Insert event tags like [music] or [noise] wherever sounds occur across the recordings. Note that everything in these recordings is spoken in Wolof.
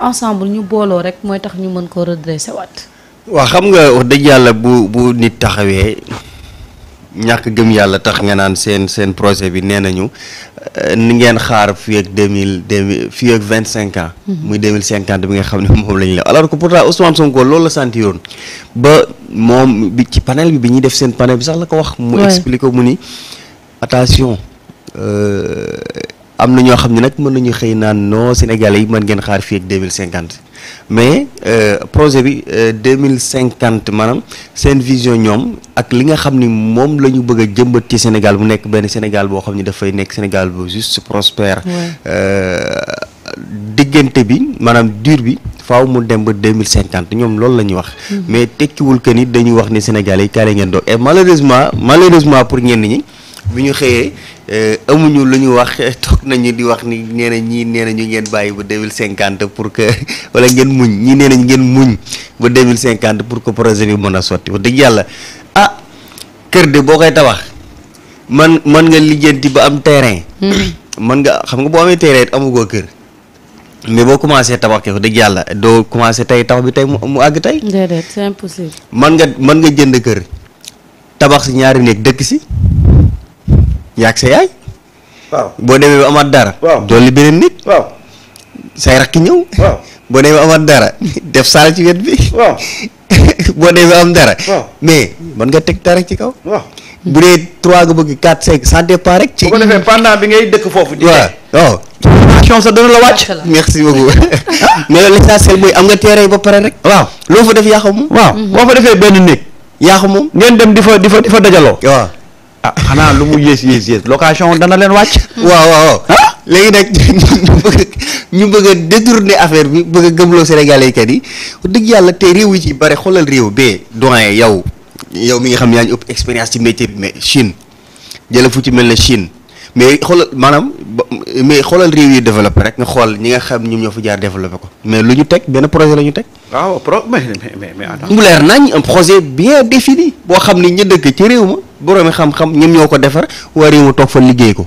ensemble ñu booloo rek mooy tax ñu mën koo redresser waat. waa xam nga wax dëgg yàlla bu bu nit taxawee ñàkk gëm yàlla tax nga naan seen seen projet bi nee nañu euh, ni ngeen xaar fii ak deux mille deux mille fii ak vingt cinq mhm. muy deux mille cinquante bi nga xam ne moom lañ la alors que pourtant Ousmane Sonko loolu la sentiroon ba moom bi ci panel bi bi ñuy def seen panel bi sax la ko wax. mu expliqué mu ni attention. Euh, am na ñoo xam ne nag mën nañu xëy naan non Sénégalais yi man ngeen xaar fii ak deux mille cinquante mais euh, projet bi euh, deux mille cinquante maanaam seen vision ñoom ak li nga xam ni moom la ñu bëgg a jëmbat ci Sénégal bu nekk benn Sénégal boo xam ni dafay nekk Sénégal bu juste prospère. Euh, diggante bi maanaam dur bi faaw mu dem ba deux mille cinquante ñoom loolu la ñuy wax. Mm-hmm. mais tekkiwul que ni dañuy wax ni Sénégalais yi kaale ngeen doo et malheureusement malheureusement pour ngeen ñi bu ñu xëyee. Euh, amuñu lu ñu wax [laughs] toog nañu di wax ni nee ñii nee na ñu ngeen bàyyi ba deux mille cinquante pour que [laughs] wala ngeen muñ ñi nee nañ ngeen muñ ba deux mille cinquante pour que projet bi mën a sotti wax dëgg yàlla ah kër de boo koy tabax man mën nga lijjanti ba am terrain. mën hmm. nga xam nga boo amee terrain it amugoo kër. mais boo commencé tabax ko dëgg yàlla doo commencé tey tabax bi tey mu mu àgg tey. déedéet c'est impossible. nga mën nga jënd kër tabax si ñaari néeg dëkk si. yaag sa yaay. boo demee ba amaat dara. waaw dolli beneen nit. waaw say rakk ñëw. [laughs] boo demee ba amaat dara [laughs] def saal ci wet bi. waaw [laughs] boo demee ba am dara. mais mën nga teg dara ci kaw. bu dee trois nga bëgg quatre cinq ça dépend rek. ci bu bi ngay dëkk foofu. di waaw waaw. Oh. sa dana la wàcc. merci beaucoup mais l'essentiel mooy am nga teere ba pare rek. waaw loo fa def yaa xam moom. waaw mhm. boo fa defee benn néeg. yaa xam moom ngeen dem di fa di fa di fa dajaloo. ah xanaa lu mu yées yées yées location dana leen wàcc. waaw waaw léegi nag ñu bëgg a détourner affaire bi bëgg a gëmloo Sénégalais yi kat yi dëgg yàlla te réew yi ci bare xoolal réew bee doyen yow yow mi ngi xam ne yaa ngi ëpp expérience ci métier bi Chine jële fu ci mel ne Chine. mais xoolal maanaam mais xoolal réew yi développé rek nga xool ñi nga xam ñoom ñoo fa jaar develop ko mais lu ñu teg benn projet la ñu teg. waaw mais mais mais attends. mu leer nañ un projet bien défini boo xam ni ñu dëkk ci réew ma boroomi xam-xam ñoom ñoo ko defar waa réew ma toog fa liggéey ko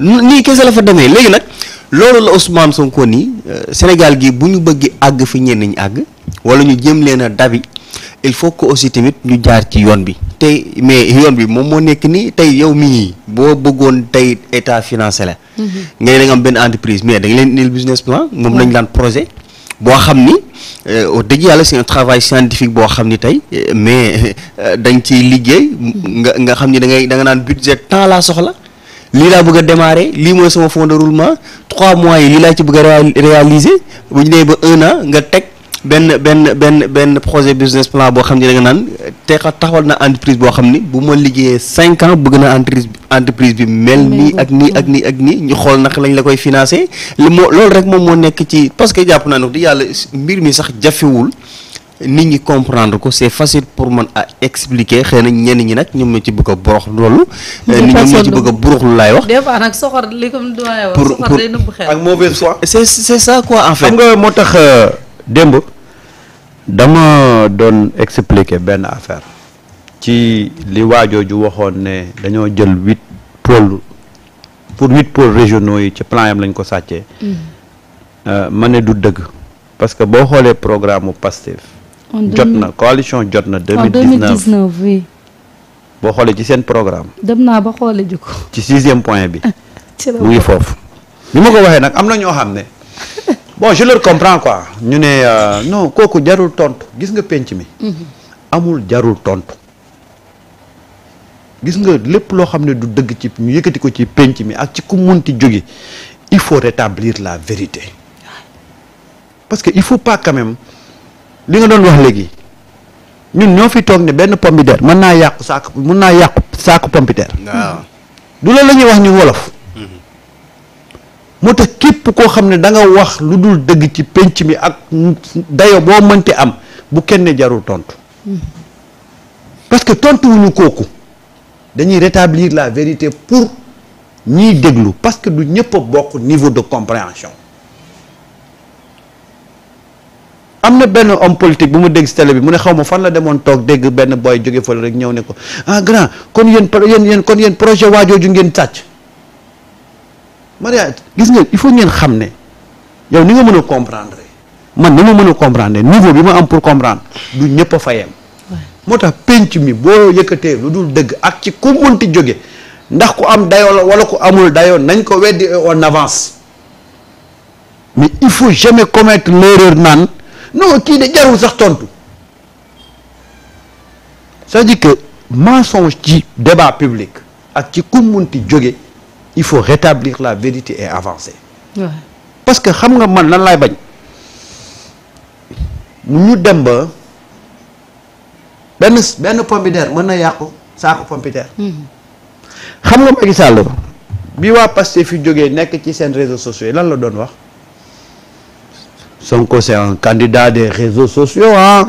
nii kese la fa demee léegi nag loolu la Ousmane Sonko nii euh, Sénégal gi bu ñu bëgg àgg fi ñenn ñu àgg wala ñu jëm leen a dabi il faut que aussi tamit ñu jaar ci yoon bi tey mais yoon bi moom moo nekk nii tey yow mii boo bëggoon tey état financé la mhm. nga ne da am benn entreprise mais da nga leen indil business plan moom nañ daan projet boo xam ni euh, wax yàlla c'est un travail scientifique boo xam ni tey mais euh, dañ ciy liggéey mhm. nga nga xam ni da ngay da nga naan budget temps laa soxla lii laa bëgg a démarrer lii mooy sama fond de roulement trois mois yi lii laa ci bëgg a réaliser ba un nga teg benn benn benn benn projet business plan boo xam ne da nga naan te taxawal na entreprise boo xam ni bu ma liggéeyee cinq ans bëgg na entreprise entreprise bi mel nii ak nii ak nii ak nii ñu xool naka lañ la koy financé li moo loolu rek moom moo nekk ci parce que jàpp naa ne di yàlla mbir mi sax jafewul nit ñi comprendre ko c'est facile pour man à expliquer xëy ñenn ñi nag ñoom ñoo ci bëgg a borox loolu. Euh, ñoom ñoo ci bëgg a laay wax. des fois nag soxor li comme doy wax. pour pour ak mauvaise foi. c'est c'est ça quoi en fait. moo tax euh, démb. dama doon expliquer benn affaire ci li waajooju waxoon ne dañoo jël huit pôles pour huit pôles régionaux yi ci plan yam lañ ko sàccee mm-hmm. euh, ma ne du dëgg parce que boo xoolee programme Pastef jot na coalition jot na 2019 oui boo xoolee ci seen programme dem naa ba xoole ji ci sixième point bi [laughs] mu ngi foofu ni ma ko waxee nag am na ñoo xam ne bon je leur comprends ñu ne euh, non kooku jarul tontu gis nga penc mi. Mhm. amul jarul tontu. gis nga lépp loo xam ne du dëgg ci ñu yëkkati ko ci penc mi ak ci ku munti jóge il faut rétablir la vérité parce que il faut pas quand li nga doon wax léegi ñun ñoo fi toog ne benn pompiteer mën naa yàqu saako mën naa yàqu saako pompiteer. du la ñuy wax ñu wolof. moo tax képp koo xam ne da nga wax lu dul dëgg ci pénc mi ak dayo boo mënti am bu kenn jarul tontu parce que tontu wuñu kooku dañuy rétablir la vérité pour ñiy déglu parce que du ñëpp a bokk niveau de compréhension am na benn homme politique bu mu dégg si télé bi mu ne xaw ma fan la demoon toog dégg benn booy jóge fële rek ñëw ne ko ah grand kon yéen yéen yéen kon yéen projet waajooju ngeen sàcc Maria gis nga il faut ngeen xam ne yow ni nga mën a comprendre man ni ma mën a comprendre niveau bi ma am pour comprendre du ñëpp a fayam moo tax penc mi boo yëkkatee lu dul dëgg ak ci ku munti jóge ndax ku am dayoo la wala ku amul dayoo nañ ko weddi en avance mais il faut jamais commettre l'erreur naan non kii de jarul sax tontu c'est-à-dire que mensonge ci débat public ak ci ku munti jóge il faut rétablir la vérité et avancer. parce que xam nga man lan laay bañ ñu dem ba benn benn pompiteer mën na yàqu saako pompiteer. Hmm. xam nga Macky Sall bi waa Pastef fi jógee nekk ci seen réseaux sociaux yi lan la doon wax. Sonko c'est un candidat des réseaux sociaux ah.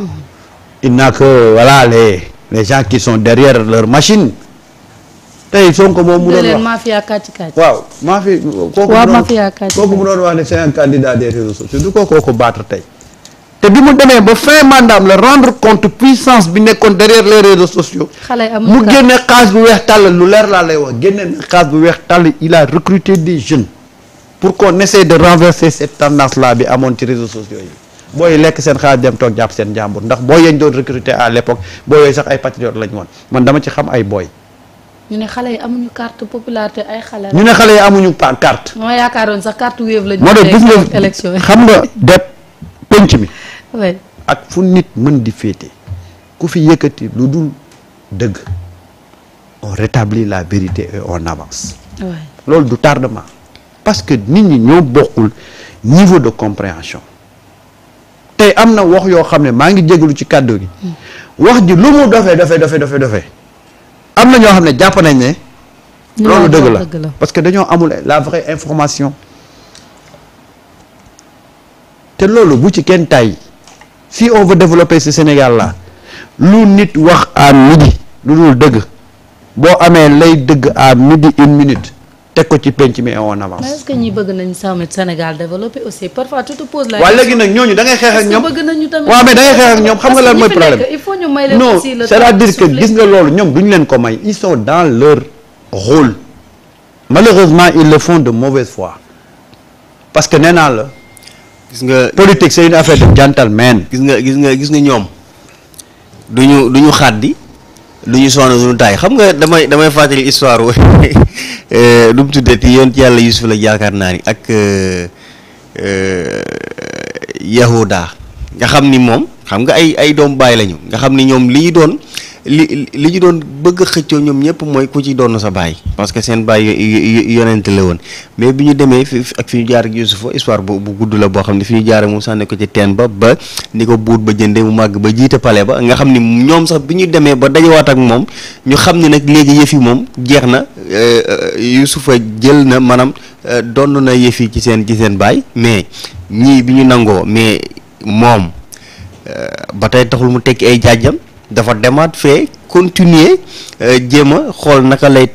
il n'a que voilà les les gens qui sont derrière leur machine. tey Sonko moom mu doon wax mafia kàcc kàcc waaw mafia kooku waaw mafia sociaux du ko kooku battre tey te bi mu demee ba fin mandat la rendre compte puissance bi nekkoon derrière les réseaux sociaux mu génne xaalis bu weex tàll lu leer laa lay wax génne na xaalis bu weex tàll il a recruté des jeunes pour qu'on essaie de renverser cette tendance là bi amoon ci réseau sociaux yi booy lekk seen xaalis dem toog jàpp seen jàmbur ndax booy yañ doon recruter à l'époque booy yooyu ay patriotes lañ woon man dama ci xam ay booy ñu ne xale yi amuñu carte popularité ay xale ñu ne xale yi amuñu carte. ma yaakaaroon sax carte wave la. moo tax gis xam nga def penc mi. [laughs] ak fu nit mën di féete ku fi yëkkati lu dul dëgg on rétablit la vérité et on avance. loolu du tardement. parce que nit ñi ñoo bokkul niveau de compréhension tey am na wax yoo xam ne maa ngi jégalu ci kàddu gi. Hmm. wax ji lu mu dofee dofee dofee dofee dofee. am na ñoo xam ne jàpp nañ ne. loolu dëgg la parce que dañoo amul la vraie information. te loolu bu ci kenn tay si on veut développer Sénégal la lu nit wax à midi lu dul dëgg boo amee lay dëgg à midi une minute teg ko ci penc mi et on avance. mais que ñi bëgg nañ sàmm Sénégal développé aussi parfois tout pose la. waaw léegi nag ñooñu da ngay xeex ak ñoom bëgg nañu tamit. waaw mais da ngay xeex ak ñoom xam nga lan mooy problème il faut leen aussi le temps non c'est-à-dire que gis nga loolu ñoom duñu leen ko may ils sont dans leur rôle malheureusement ils le font de mauvaise foi parce que nee naa la. gis nga politique c'est une affaire de gentleman. gis nga gis nga gis nga ñoom duñu duñu xàddi. lu ñu sonn suñu taay xam nga damay damay fàttali histoire wu lu [laughs] euh, mu tuddati yonent yàlla Yuusuf la yaakaar naa ni ak euh, euh, Yahuda nga xam ni moom xam nga ay ay doom baay lañu nga xam ni ñoom li doon li li ñu doon bëgg a xëccoo ñoom ñëpp mooy ku ci donn sa baay parce que seen baay yonent la woon mais bi ñu demee fi ak fi ñu jaar ak Yuusufa histoire bu bu gudd la boo xam ne fi ñu jaaree mu sànni ko ci teen ba ba ni ko buur ba jëndee mu màgg ba jiite pale ba nga xam ni ñoom sax bi ñu demee ba dajawaat ak moom ñu xam ni nag léegi yëf yi moom jeex na euh, euh, Yuusufa jël na maanaam euh, donn na yëf yi ci seen ci seen baay mais ñii bi ñu nangoo mais moom ba tey taxul mu tekki ay jaajam dafa demaat fee continuer euh, jéem a xool naka lay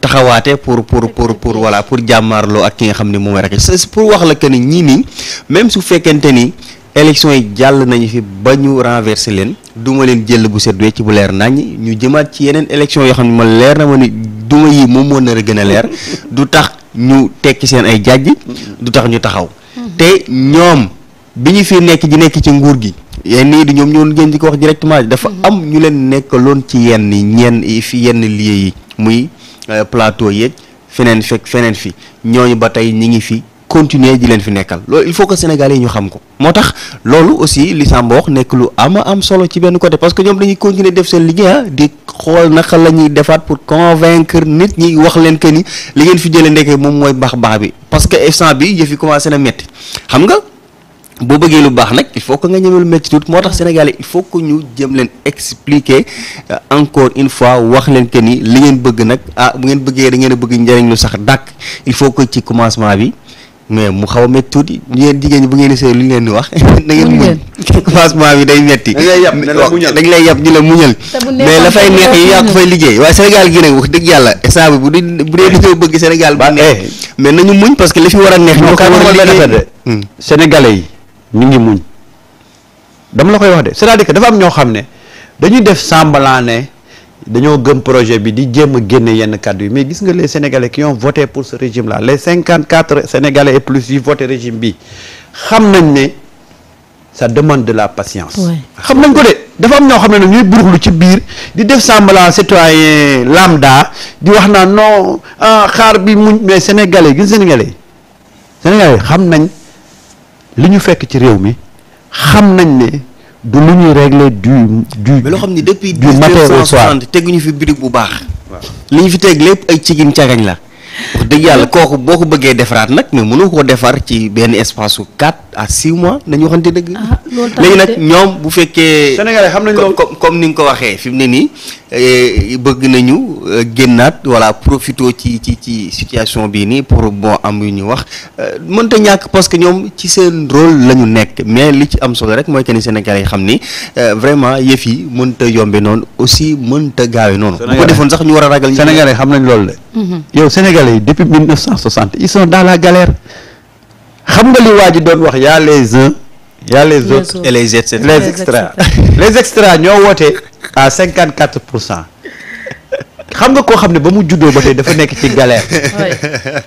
taxawaate pour pour pour pour voilà pour jàmmaarloo ak ki nga xam ne moom rek pour wax la que ni ñii nii même su fekkente ni élection yi jàll nañu fi ba ñu renverser leen duma leen jël bu set ci bu leer naññ ñu jëmaat ci yeneen élection yoo xam ne ma leer na ma ni duma yi moom moo nar a gën a leer [laughs] du tax ñu tekki seen ay jàjj du tax ñu taxaw mm-hmm. te ñoom bi ñu fi nekk ji nekk ci nguur gi yenn yi di ñoom ñoo ngeen di ko wax directement dafa mhm. am ñu leen nekkaloon ci yenn ñenn fi yenn lieux yi muy euh, plateau yeeg feneen fekk feneen fi ñooñu ba tey ñi ngi fi continuer ji leen fi nekkal loolu il faut que sénégal yi ñu xam ko moo tax loolu aussi li Samba wax nekk lu ama am solo ci benn côté parce que ñoom dañuy continuer def seen liggéey ah, di xool naka la ñuy defaat pour convaincre nit ñi wax leen que ni li ngeen fi jëlee ndekkee moom mooy baax baax bi parce que instant bi yëf commencé na metti xam nga boo bëggee lu baax nag il faut que nga ñeme lu métti tuuti moo tax Sénégalais il faut que ñu jëm leen expliquer euh, encore une fois wax leen que ni li ngeen bëgg nag ah bu ngeen bëggee da ngeen a bëgg njëriñ lu sax dàkk il faut que ci commencement bi mais mu xaw a métti tuuti ñeen jigéen ñi bu ngeen sey lu ñu leen di wax da [laughs] ngeen muñ commencement bi day metti dañ lay yàpp ñu la muñal mais la fay neex yi yaa fay liggéey waaye Sénégal gi nag wax dëgg yàlla instant bi Sénégal bu neex eh. nañu muñ parce que li fi war a neex hmm. yi ñu ngi muñ dama la koy wax de c'est-à-dire que dafa am ñoo xam ne dañuy def semblant ne dañoo gëm projet bi di jéem a génne yenn kàddu yi mais gis nga les sénégalais qui ont voté pour ce régime là les cinquante quatre sénégalais et plus yu voté régime bi xam nañ ne ça demande de la patience. xam nañ ko de dafa am ñoo xam ne nag ñuy buruxlu ci biir di def semblant citoyen lambda di wax naa non ah, xaar bi muñ mais sénégalais gis sénégalais sénégalais xam nañ. li ñu fekk ci réew mi xam nañ ne du lu ñuy régler du du mais loo xam ne depuis du matin au soir teguñu fi birig bu baax li ñu fi teg lépp ay cigin cagañ la wax dëgg yàlla kooku boo ko bëggee defaraat nag mais mënu koo defar ci benn espace su 4 à six mois nañu waxante dëgg. Ah, léegi nag ñoom bu fekkee. Sénégalais xam nañu comme ni nga ko waxee fi mu ne nii eh, bëgg nañu eh, génnaat voilà profito ci ci ci situation bii nii pour bon am ñu wax eh, mënta ñàkk parce que ñoom ci seen rôle la ñu nekk mais li ci am solo rek mooy que ni Sénégalais yi xam ni vraiment yëf yi mënta yombe noonu aussi mënta gaawe noonu. bu sax ñu war a ragal. Sénégalais xam nañ loolu mhm. yi depuis 1960 ils la xam nga lu waa ji doon wax y'a les uns y'a les autres les extra les extra les extra ñoo woote à cinquante quatre pour cent xam nga koo xam ne ba mu juddoo ba tey dafa nekk ci galère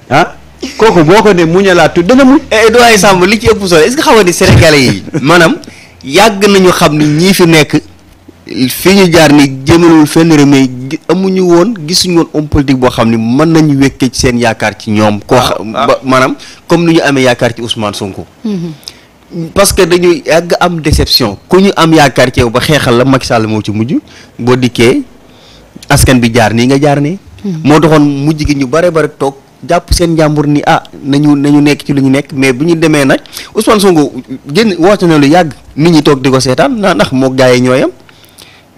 ah kooku boo ko ne muñalaat tuuti dana muñ eh, doyen Samb li ci ëpp solo est-ce que xam yi maanaam yàgg nañu xam ni ñii fi nekk fii ñu jaar ni jëmalul fenn remé amuñu woon gisuñu woon homme politique boo xam ni mën nañu wékkee ci seen yaakaar ci ñoom. Ah, koo xam ah. maanaam comme ni ñu amee yaakaar ci Ousmane Sonko. Mm-hmm. parce que dañuy yàgg am déception ku ñu am yaakaar ci yow ba xeexal la Macky Sall moo ci mujj boo dikkee askan bi jaar nii nga jaar nii. Mm-hmm. moo taxoon mujj gi ñu bare bare toog. jàpp seen njàmbur ni ah nañu nañu nekk ci lu ñu nekk mais bu ñu demee nag Ousmane Sonko génn woote na lu yàgg nit ñi toog di ko seetaan naa ndax moo gaa yi ñooyam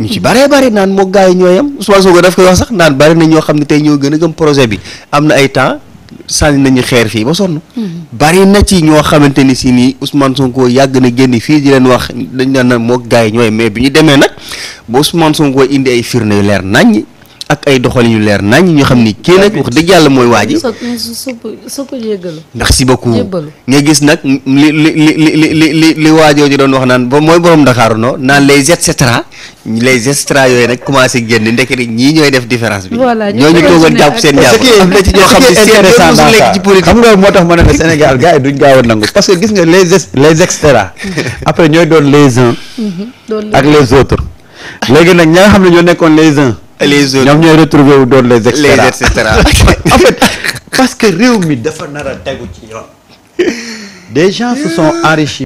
ñu ci bëree bëri naan moo gars yi ñooyam Ousmane Sonko daf koy wax sax naan bëri na ñoo xam ne tey ñoo gën a gëm projet bi am na ay temps sànni nañu xeer fii ba sonn. Hmm. bëri na ci ñoo xamante ni si nii Ousmane Sonko yàgg na génn fii di leen wax dañ naan moo gars yi ñooyam mais bi ñu demee nag ba Ousmane Sonko indi ay firnde yu leer naññ. ak ay doxalin yu leer nañ ñu xam ni kii nag wax dëgg yàlla mooy waa ji. merci beaucoup nga gis nag li li li li li waajoo ji doon wax naan ba mooy borom Dakar non naan les et les et bi. voilà ñooñu toogoon a après ñooy doon les uns. Mhm, ak les autres léegi nag ña xam ne ñoo nekkoon les uns les autres ñoom ñooy doon les extras les extras [laughs] [laughs] parce que réew mi dafa nar a tegu ci yoon des gens sont enrichis